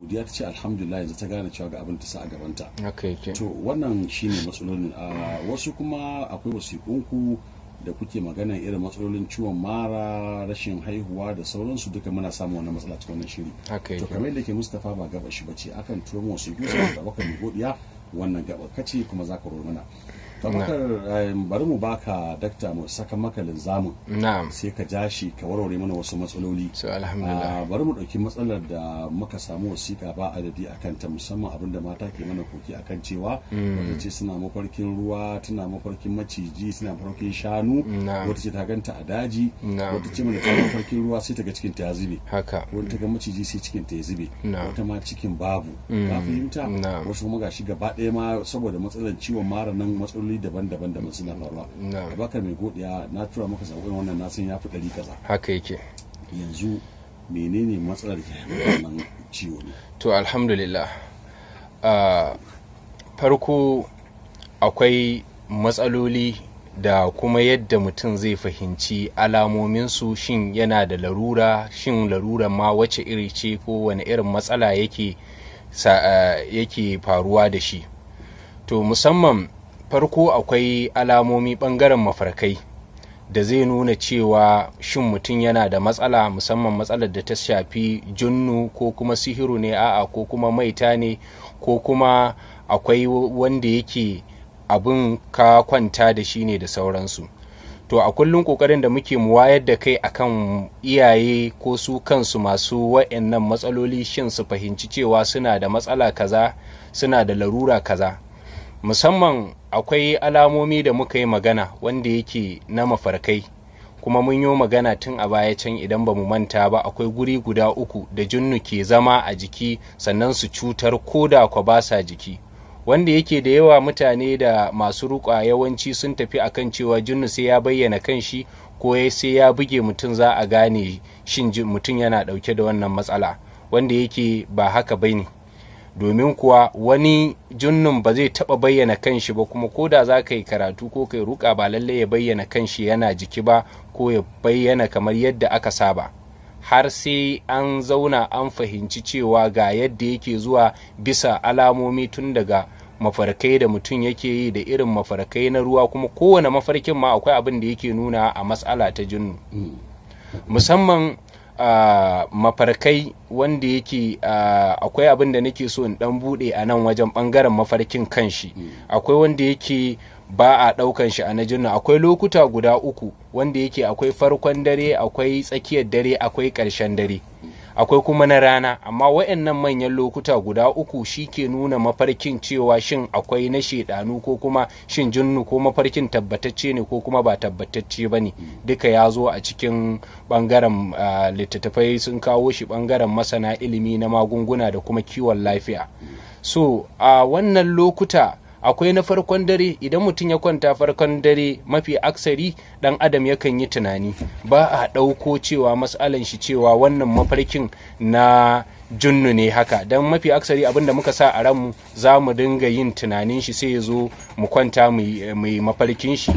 Godiya ta ce alhamdulillah yanzu ta gane cewa ga abin ta sa a gabanta. To wannan shine matsalolin wasu kuma akwai wasiƙunku da kuke magana irin matsalolin ciwon mara rashin haihuwa da sauransu duka muna samun wannan matsala cikin wannan shiri to kamar da ke Mustapha ba gaba shi bace akan turo mu sai da baka mu godiya wannan gaba kace kuma za ka mana tabbatar eh, bari mu baka dakta mu saka maka linzamin sai ka ja shi ka warware mana wasu matsaloli ah, bari mu ɗauki matsalar da muka samu wasiƙa ba adadi a ta musamman abin da mata ke mana koki a kan cewa mm. wata ce suna mafarkin ruwa tana mafarkin maciji suna mafarkin shanu wata ce ta ganta a daji wata ce mana ta mafarkin ruwa sai ta ga cikin ta zube haka wata ga maciji sai cikin ta ya zube wata ma cikin babu mm. ka fahimta wasu kuma gashi gaba ɗaya ma saboda matsalar ciwon mara nan matsaloli matsaloli daban-daban daban suna faruwa abakar mai godiya na tura maka sabon wannan na san ya fi ɗari kaza haka yake yanzu menene matsalar ke wannan ciwo ne to alhamdulillah ah, farko akwai matsaloli da kuma yadda mutum zai fahimci alamominsu shin yana da larura shin larura ma wace iri ce ko wani irin matsala ah, yake faruwa da shi to musamman farko akwai alamomi ɓangaren mafarkai da zai nuna cewa shin mutum yana da matsala musamman matsalar da ta shafi junnu ko kuma sihiru ne a'a ko kuma maita ne ko kuma akwai wanda yake abin ka kwanta da shi ne da sauransu to a kullum kokarin da muke mu wayar da kai akan iyaye ko su kansu masu wa'annan matsaloli shin su fahimci cewa suna da matsala kaza suna da larura kaza musamman akwai alamomi da muka yi magana wanda yake na mafarkai kuma mun yi magana tun a baya can idan ba mu manta ba akwai guri guda uku da junnu ke zama a jiki sannan su cutar koda kwa ba sa jiki wanda yake da yawa mutane da masu ruƙa yawanci sun tafi akan cewa junnu sai ya bayyana kan shi ko sai ya buge mutum za a gane shin mutum yana ɗauke da wannan matsala wanda yake ba haka bai ne domin kuwa wani junnun ba zai taɓa bayyana kanshi ba kuma ko da za ka yi karatu ko ka yi ruka ba lalle ya bayyana kanshi yana jiki ba ko ya bayyana kamar yadda aka saba har sai an zauna an fahimci cewa ga yadda yake zuwa bisa alamomi tun daga mafarkai da mutum yake yi da irin mafarkai na ruwa kuma kowane mafarkin ma akwai abin da yake nuna a matsala ta jinnu hmm. musamman mafarkai wanda yake akwai abin da nake so in dan bude a nan wajen bangaren mafarkin kanshi hmm. akwai wanda yake ba a ɗaukan shi a na akwai lokuta guda uku wanda yake akwai farkon dare akwai tsakiyar dare akwai karshen dare akwai kuma na rana amma waɗannan manyan lokuta guda uku shi ke nuna mafarkin cewa shin akwai na shaidanu ko kuma shin jinnu ko mafarkin tabbatacce ne ko kuma ba tabbatacce ba ne duka ya zo a cikin bangaren littattafai sun kawo shi bangaren masana ilimi na magunguna da kuma kiwon lafiya so a wannan lokuta akwai na farkon dare idan mutum ya kwanta farkon dare mafi aksari dan adam yakan yi tunani ba a ɗauko cewa matsalan shi cewa wannan mafarkin na junnu ne haka don mafi aksari abinda muka sa a ranmu za mu dinga yin tunanin shi sai ya zo mu kwanta mai mafarkin shi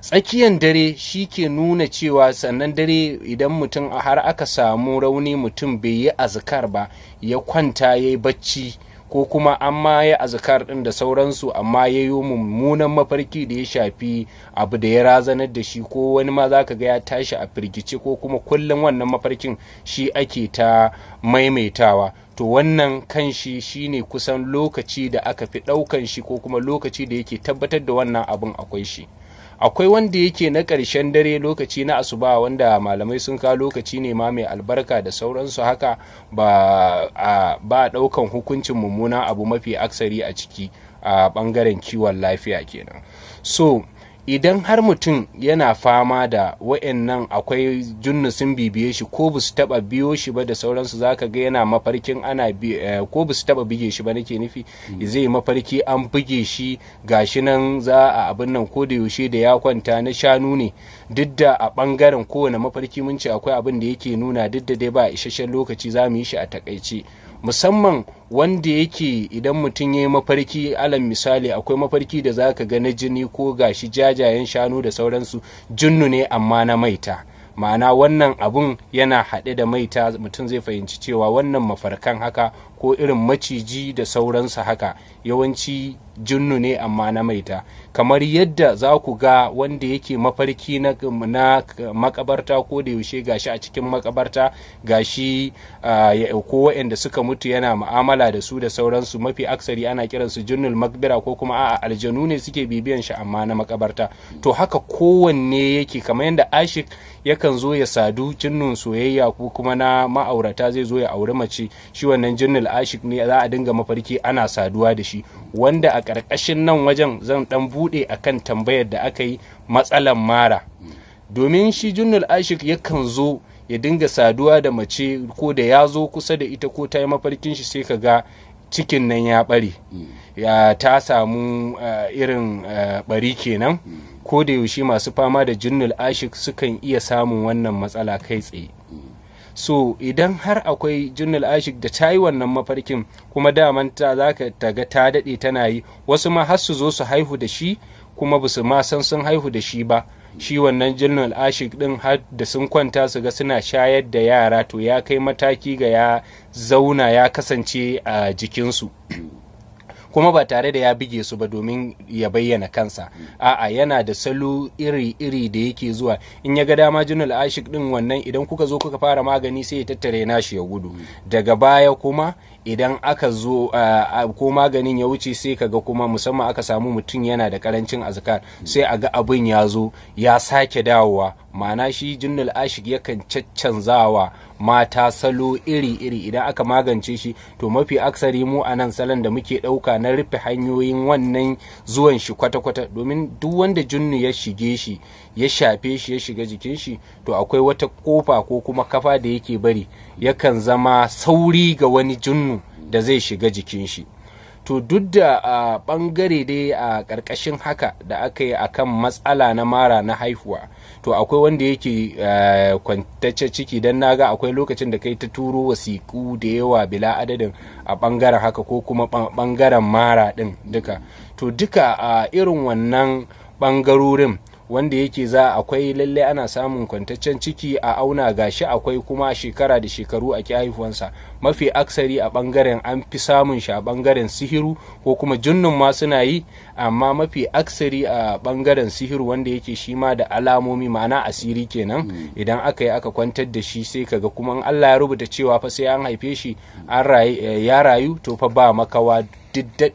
tsakiyan dare shi ke nuna cewa sannan dare idan mutum har aka samu rauni mutum bai yi azkar ba ya kwanta ya yi bacci ko kuma an ma ya azkar ɗin da sauransu amma ya yi mummunan mafarki da ya shafi abu da ya razanar da shi ko wani ma zaka ga ya tashi a firgice ko kuma kullum wannan mafarkin shi ake ta maimaitawa to wannan kanshi shine kusan lokaci da aka fi ɗaukan shi ko kuma lokaci da yake tabbatar da wannan abun akwai shi akwai wanda yake na ƙarshen dare lokaci na asuba wanda malamai sun ka lokaci ne ma mai albarka da sauransu haka ba a ɗaukan hukuncin mummuna abu mafi aksari a ciki a ɓangaren kiwon lafiya kenan so idan har mutum yana fama da nan akwai junna sun bibiye shi ko ba su taba biyo shi ba da sauransu za ka ga yana mafarkin ana eh, ko ba su taba bige shi ba nake nufi mm. zai mafarki an bige shi gashi nan za a abin nan ko da yaushe da ya kwanta na shanu ne duk da a bangaren kowane mafarki mun ce akwai abin da yake nuna duk da dai ba isasshen lokaci za mu yi shi a takaice musamman wanda yake idan mutum ya yi mafarki alal misali akwai mafarki da za ka ga na jini ko gashi jajayen shanu da sauransu jinnu ne amma na maita ma'ana wannan abun yana haɗe da maita mutum zai fahimci cewa wannan mafarkan haka ko irin maciji da sauransu haka yawanci jinnu ne amma na maita kamar yadda za ku ga wanda yake mafarki na, makabarta ko da yaushe gashi a cikin makabarta gashi ko waɗanda suka mutu yana ma'amala da su da sauransu mafi aksari ana kiransu jinnul makbira ko kuma a aljanu ne suke bibiyan shi amma na makabarta to haka kowanne yake kamar yadda ashik yakan zo ya sadu jinnun soyayya ko kuma na ma'aurata zai zo ya auri mace shi wannan jinnul ashik ne za a dinga mafarki ana saduwa da shi wanda ƙarƙashin nan wajen zan ɗan buɗe kan tambayar da aka yi matsalan mara domin shi junnul ashik yakan zo ya dinga saduwa da mace ko da ya zo kusa da ita ko ta yi mafarkin shi sai ka ga cikin nan ya ɓare ya ta samu eh, irin eh, ɓari kenan ko da yaushe masu fama da junnul ashik sukan iya samun wannan matsala kai tsaye so idan har akwai jinnal ashik da ta yi wannan mafarkin kuma daman ta za ka taga ta daɗe tana yi wasu ma har su zo su haihu da shi kuma ba su ma san sun haihu da shi ba shi wannan junnul ashik ɗin har da sun kwanta su ga suna shayar da yara to ya kai mataki ga ya zauna ya kasance a jikinsu kuma ba tare da ya bige su ba domin ya bayyana kansa a'a yana da salo iri-iri da yake zuwa in ya ga dama junal ashik din wannan idan kuka zo kuka fara magani sai ya tattare nashi ya gudu daga baya kuma idan aka zo eh, ko maganin ya wuce sai ka ga kuma musamman aka samu mutum yana da karancin azkar sai a ga abin ya zo ya sake dawowa ma'ana shi jinnul ashik yakan caccanzawa mata salo iri-iri idan aka magance shi to mafi aksari mu a nan salon da muke ɗauka na rufe hanyoyin wannan zuwan shi kwata-kwata domin duk wanda junnu ya shige shi ya shafe shi ya shiga jikin shi to akwai wata kofa ko kuma kafa da yake bari yakan zama sauri ga wani junnu mutumin da zai shiga jikin shi to duk da a bangare dai a ƙarƙashin haka da aka yi akan matsala na mara na haihuwa to akwai wanda yake kwantacce ciki don ga akwai lokacin da kai ta turo wasiƙu da yawa bila adadin a bangaren haka ko kuma bangaren mara din duka to duka a irin wannan bangarorin wanda yake za akwai lalle ana samun kwantaccen ciki a auna ga shi akwai kuma shekara da shekaru a ki haihuwansa mafi aksari a bangaren an fi samun shi a bangaren sihiru ko kuma junnun ma suna yi amma mafi aksari a bangaren sihiru wanda yake shi ma da alamomi ma'ana asiri kenan hmm. idan aka yi aka kwantar da shi sai kaga kuma Allah ya rubuta cewa fa sai an haife shi ya rayu to fa ba makawa duk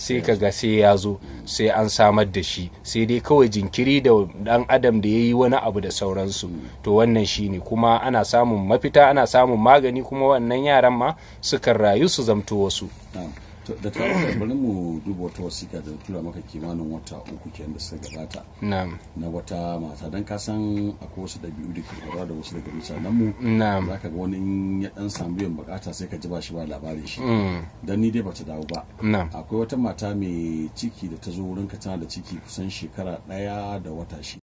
sai ka ga sai ya zo sai an samar da shi sai dai kawai jinkiri da dan adam da ya yi wani abu da sauransu to wannan shi ne kuma ana samun mafita ana samun magani kuma wannan yaran ma sukan rayu su zamto wasu da ta bari mu duba wata wasiƙa da tura maka kimanin wata uku kenan da suka gabata na wata mata don ka san akwai wasu ɗabi'u da ke faruwa da wasu daga mutanen mu za ka ga wani in ya ɗan samu biyan bukata sai ka ji ba shi ba labarin shi mm. don ni dai ba ta dawo ba akwai wata mata mai ciki da ta zo wurin ka tana da ciki kusan shekara ɗaya da wata shi.